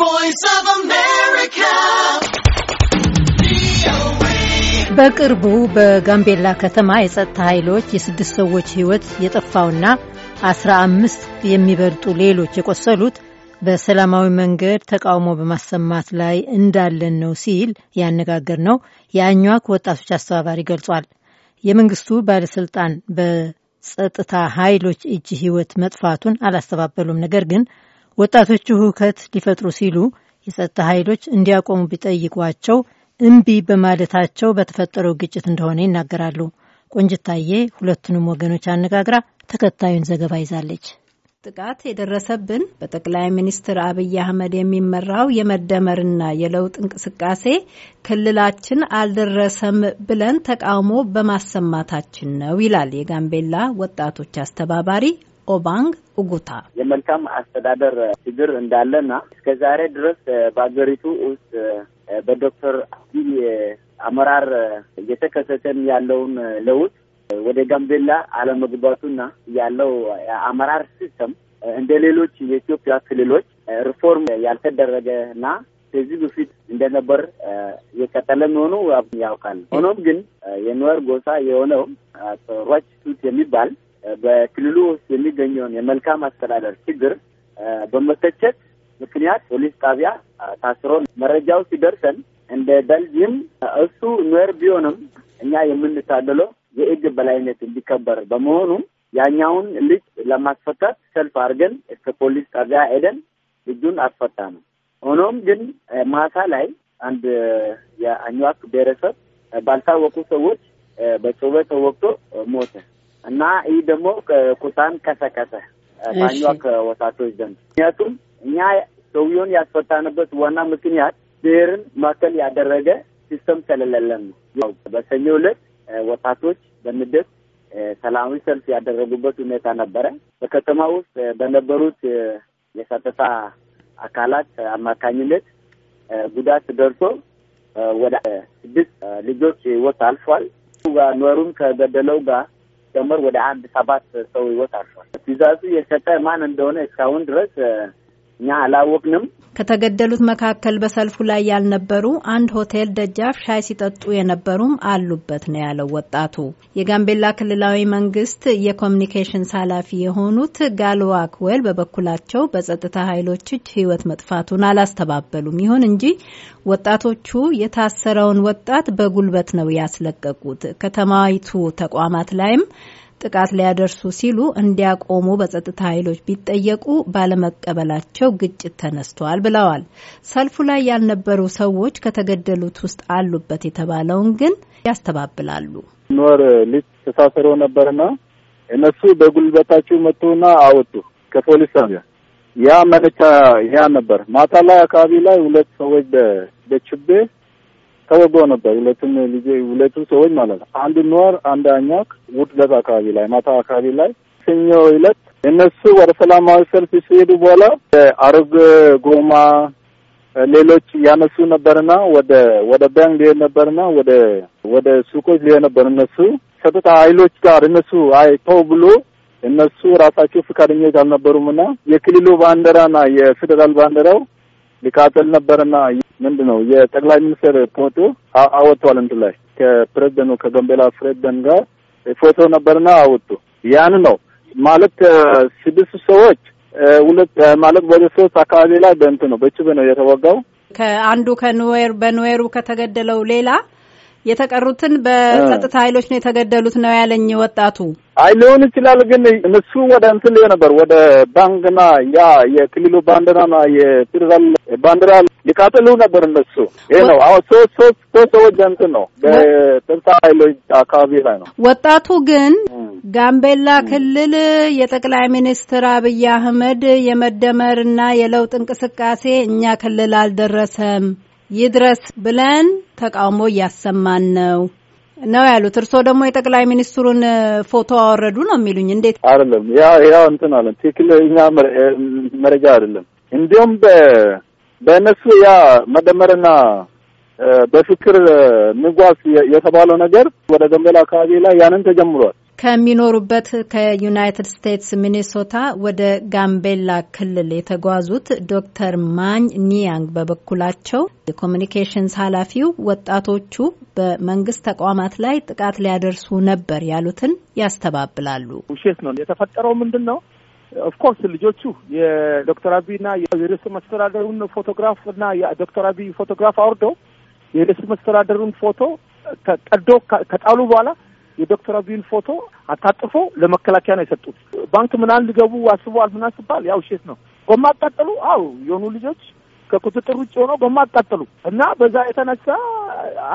voice of America. በቅርቡ በጋምቤላ ከተማ የጸጥታ ኃይሎች የስድስት ሰዎች ሕይወት የጠፋውና አስራ አምስት የሚበልጡ ሌሎች የቆሰሉት በሰላማዊ መንገድ ተቃውሞ በማሰማት ላይ እንዳለን ነው ሲል ያነጋገር ነው የአኟክ ወጣቶች አስተባባሪ ገልጿል። የመንግስቱ ባለስልጣን በጸጥታ ኃይሎች እጅ ህይወት መጥፋቱን አላስተባበሉም። ነገር ግን ወጣቶቹ ሁከት ሊፈጥሩ ሲሉ የጸጥታ ኃይሎች እንዲያቆሙ ቢጠይቋቸው እምቢ በማለታቸው በተፈጠረው ግጭት እንደሆነ ይናገራሉ። ቆንጅታዬ ሁለቱንም ወገኖች አነጋግራ ተከታዩን ዘገባ ይዛለች። ጥቃት የደረሰብን በጠቅላይ ሚኒስትር አብይ አህመድ የሚመራው የመደመርና የለውጥ እንቅስቃሴ ክልላችን አልደረሰም ብለን ተቃውሞ በማሰማታችን ነው ይላል የጋምቤላ ወጣቶች አስተባባሪ ኦባንግ ኡጉታ የመልካም አስተዳደር ችግር እንዳለና እስከዛሬ ድረስ በሀገሪቱ ውስጥ በዶክተር አብይ አመራር እየተከሰተን ያለውን ለውጥ ወደ ጋምቤላ አለመግባቱና ያለው አመራር ሲስተም እንደ ሌሎች የኢትዮጵያ ክልሎች ሪፎርም ያልተደረገና ከዚህ በፊት እንደነበር የቀጠለ መሆኑ ያውቃል። ሆኖም ግን የኑዌር ጎሳ የሆነው ሯች ቱት የሚባል በክልሉ ውስጥ የሚገኘውን የመልካም አስተዳደር ችግር በመተቸት ምክንያት ፖሊስ ጣቢያ ታስሮ መረጃው ሲደርሰን እንደ በልጅም እሱ ኑዌር ቢሆንም እኛ የምንታደለው የህግ በላይነት እንዲከበር በመሆኑ ያኛውን ልጅ ለማስፈታት ሰልፍ አድርገን እስከ ፖሊስ ጣቢያ ሄደን ልጁን አስፈታ ነው። ሆኖም ግን ማታ ላይ አንድ የአኝዋክ ብሔረሰብ ባልታወቁ ሰዎች በጩቤ ተወቅቶ ሞተ። እና ይህ ደግሞ ቁጣን ከሰከሰ ባኛ ከወጣቶች ዘንድ። ምክንያቱም እኛ ሰውየውን ያስፈታንበት ዋና ምክንያት ብሔርን ማዕከል ያደረገ ሲስተም ስለሌለን ነው። በሰኞ ዕለት ወጣቶች በንደት ሰላማዊ ሰልፍ ያደረጉበት ሁኔታ ነበረ። በከተማ ውስጥ በነበሩት የጸጥታ አካላት አማካኝነት ጉዳት ደርሶ ወደ ስድስት ልጆች ህይወት አልፏል። ኗሩን ከገደለው ጋር ሲደመር ወደ አንድ ሰባት ሰው ህይወት አልፏል። ትዕዛዙ የሰጠ ማን እንደሆነ እስካሁን ድረስ እኛ አላወቅንም። ከተገደሉት መካከል በሰልፉ ላይ ያልነበሩ አንድ ሆቴል ደጃፍ ሻይ ሲጠጡ የነበሩም አሉበት ነው ያለው ወጣቱ። የጋምቤላ ክልላዊ መንግስት የኮሚኒኬሽንስ ኃላፊ የሆኑት ጋልዋ ክዌል በበኩላቸው በጸጥታ ኃይሎች እጅ ህይወት መጥፋቱን አላስተባበሉም። ይሁን እንጂ ወጣቶቹ የታሰረውን ወጣት በጉልበት ነው ያስለቀቁት። ከተማዊቱ ተቋማት ላይም ጥቃት ሊያደርሱ ሲሉ እንዲያቆሙ በጸጥታ ኃይሎች ቢጠየቁ ባለመቀበላቸው ግጭት ተነስተዋል ብለዋል። ሰልፉ ላይ ያልነበሩ ሰዎች ከተገደሉት ውስጥ አሉበት የተባለውን ግን ያስተባብላሉ። ኖር ሊት ተሳስረው ነበርና እነሱ በጉልበታቸው መጡና አወጡ ከፖሊስ ጣቢያ ያ መነቻ ያ ነበር። ማታ ላይ አካባቢ ላይ ሁለት ሰዎች በችቤ ተወግተው ነበር። ሁለቱም ልጅ ሁለቱ ሰዎች ማለት ነው። አንድ ኖር አንድ አኛክ ውድ ለት አካባቢ ላይ ማታ አካባቢ ላይ ሰኞ ዕለት እነሱ ወደ ሰላማዊ ሰልፍ ሲሄዱ በኋላ አሮግ ጎማ ሌሎች ያነሱ ነበርና ወደ ወደ ባንክ ሊሄድ ነበርና ወደ ወደ ሱቆች ሊሄድ ነበር። እነሱ ሰጥታ ኃይሎች ጋር እነሱ አይ ተው ብሎ እነሱ ራሳቸው ፈቃደኞች አልነበሩምና የክልሉ ባንዲራና የፌደራል ባንዲራው ሊቃጠል ነበርና ምንድ ነው የጠቅላይ ሚኒስትር ፎቶ አወጥቷል። እንትን ላይ ከፕሬዚደንቱ ከጋምቤላ ፕሬዚደንት ጋር ፎቶ ነበርና አወጡ። ያን ነው ማለት ስድስት ሰዎች ሁለት ማለት ወደ ሶስት አካባቢ ላይ በእንትን ነው በችብ ነው የተወጋው ከአንዱ ከኑዌር በኑዌሩ ከተገደለው ሌላ የተቀሩትን በጸጥታ ኃይሎች ነው የተገደሉት ነው ያለኝ ወጣቱ። አይ ሊሆን ይችላል፣ ግን እነሱ ወደ እንትን ሊሆን ነበር ወደ ባንክና ያ የክልሉ ባንዲራና የፌዴራል ባንዲራ ሊቃጥሉ ነበር እነሱ። ይሄ ነው አሁን ሶስት ሶስት ሶስት ሰዎች እንትን ነው በጸጥታ ኃይሎች አካባቢ ላይ ነው። ወጣቱ ግን ጋምቤላ ክልል የጠቅላይ ሚኒስትር አብይ አህመድ የመደመርና የለውጥ እንቅስቃሴ እኛ ክልል አልደረሰም ይድረስ ብለን ተቃውሞ እያሰማን ነው ነው ያሉት። እርስዎ ደግሞ የጠቅላይ ሚኒስትሩን ፎቶ አወረዱ ነው የሚሉኝ? እንዴት አይደለም፣ ያው ያው እንትን አለ ትክክለኛ መረጃ አይደለም። እንዲሁም በእነሱ ያ መደመርና በፍቅር ንጓዝ የተባለው ነገር ወደ ገንበላ አካባቢ ላይ ያንን ተጀምሯል። ከሚኖሩበት ከዩናይትድ ስቴትስ ሚኒሶታ ወደ ጋምቤላ ክልል የተጓዙት ዶክተር ማኝ ኒያንግ በበኩላቸው የኮሚኒኬሽንስ ኃላፊው ወጣቶቹ በመንግስት ተቋማት ላይ ጥቃት ሊያደርሱ ነበር ያሉትን ያስተባብላሉ። ውሸት ነው። የተፈጠረው ምንድን ነው? ኦፍኮርስ ልጆቹ የዶክተር አብይና የርዕሰ መስተዳደሩን ፎቶግራፍ እና የዶክተር አብይ ፎቶግራፍ አውርደው የርዕሰ መስተዳደሩን ፎቶ ቀዶ ከጣሉ በኋላ የዶክተር አብይን ፎቶ አታጥፎ ለመከላከያ ነው የሰጡት። ባንክ ምናምን ሊገቡ አስበዋል ምናምን ሲባል ያው ውሸት ነው። ጎማ አቃጠሉ። አው የሆኑ ልጆች ከቁጥጥር ውጭ ሆነው ጎማ አቃጠሉ እና በዛ የተነሳ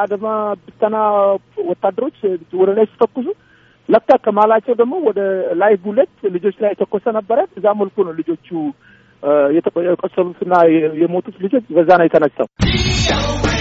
አድማ ብተና ወታደሮች ወደ ላይ ሲተኩሱ ለካ ከማላቸው ደግሞ ወደ ላይ ቡሌት ልጆች ላይ የተኮሰ ነበረ። እዛ መልኩ ነው ልጆቹ የቆሰሉትና የሞቱት ልጆች በዛ ነው የተነሳው።